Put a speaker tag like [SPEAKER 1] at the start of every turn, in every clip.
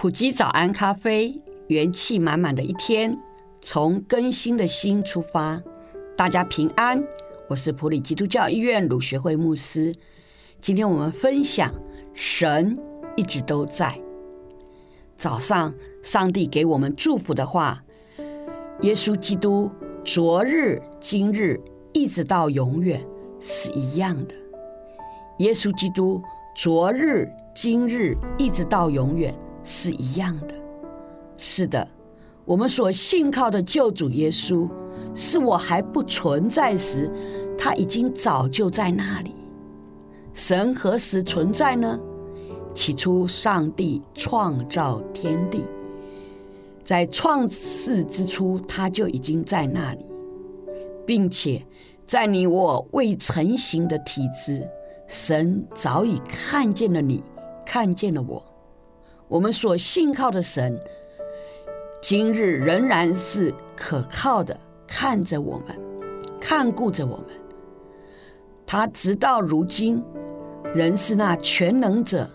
[SPEAKER 1] 埔基早安咖啡，元氣滿滿的一天，從更新的心出發，大家平安。我是埔里基督教醫院魯學蕙牧師。今天我們分享：神一直都在。早上，上帝給我們祝福的話，耶穌基督，昨日、今日，一直到永遠，是一樣的。耶穌基督，昨日、今日，一直到永遠。是一樣的，是的，我們所信靠的救主耶穌，是我還不存在時，他已經早就在那裡。神何時存在呢？起初上帝創造天地，在創世之初，他就已經在那裡，並且在你我未成形的體質，神早已看見了你，看見了我。我們所信靠的神，今日仍然是可靠的，看着我們，看顧着我們。他直到如今，仍是那全能者，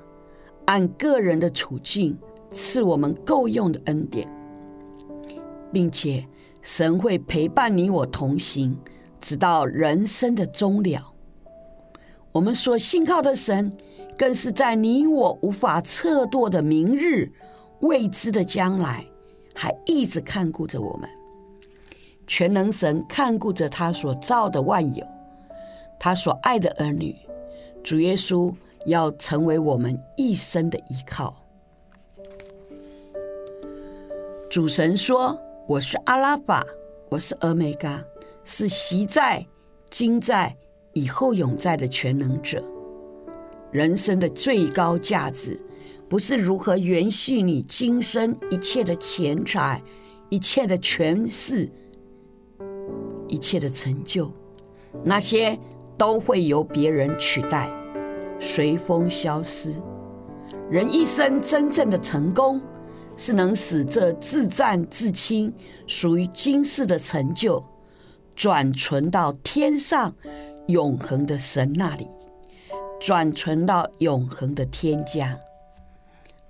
[SPEAKER 1] 按個人的處境賜我們夠用的恩典，並且神會陪伴你我同行，直到人生的終了。我們所信靠的神，更是在你我無法測度的明日、未知的將來，還一直看顧着我們。全能神看顧着他所造的萬有，他所愛的兒女。主耶穌要成為我們一生的依靠。主神說：“我是阿拉法，我是俄梅戛，是昔在、今在、以後永在的全能者。”人生的最高價值，不是如何延續你今生一切的錢財、一切的權勢、一切的成就，那些都會由別人取代，隨風消失。人一生真正的成功，是能使這至暫至輕、屬於今世的成就，轉存到天上永恆的神那裡。轉存到永恆的天家。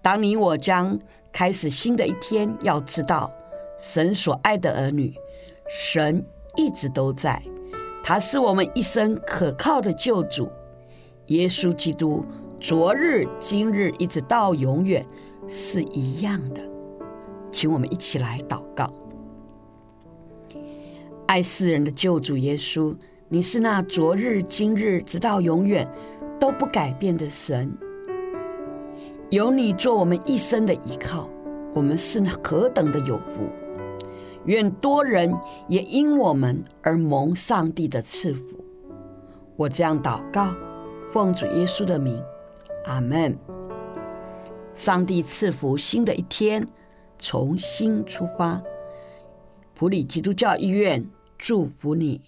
[SPEAKER 1] 當你我將開始新的一天，要知道，神所愛的兒女，神一直都在，他是我們一生可靠的救主，耶穌基督，昨日、今日一直到永遠是一樣的。請我們一起來禱告：愛世人的救主耶穌，你是那昨日、今日直到永遠。都不改變的神，有你做我們一生的依靠，我們是何等的有福！願多人也因我們而蒙上帝的賜福。我這樣禱告，奉主耶穌的名，阿門。上帝賜福新的一天，從新出發。埔里基督教醫院祝福你。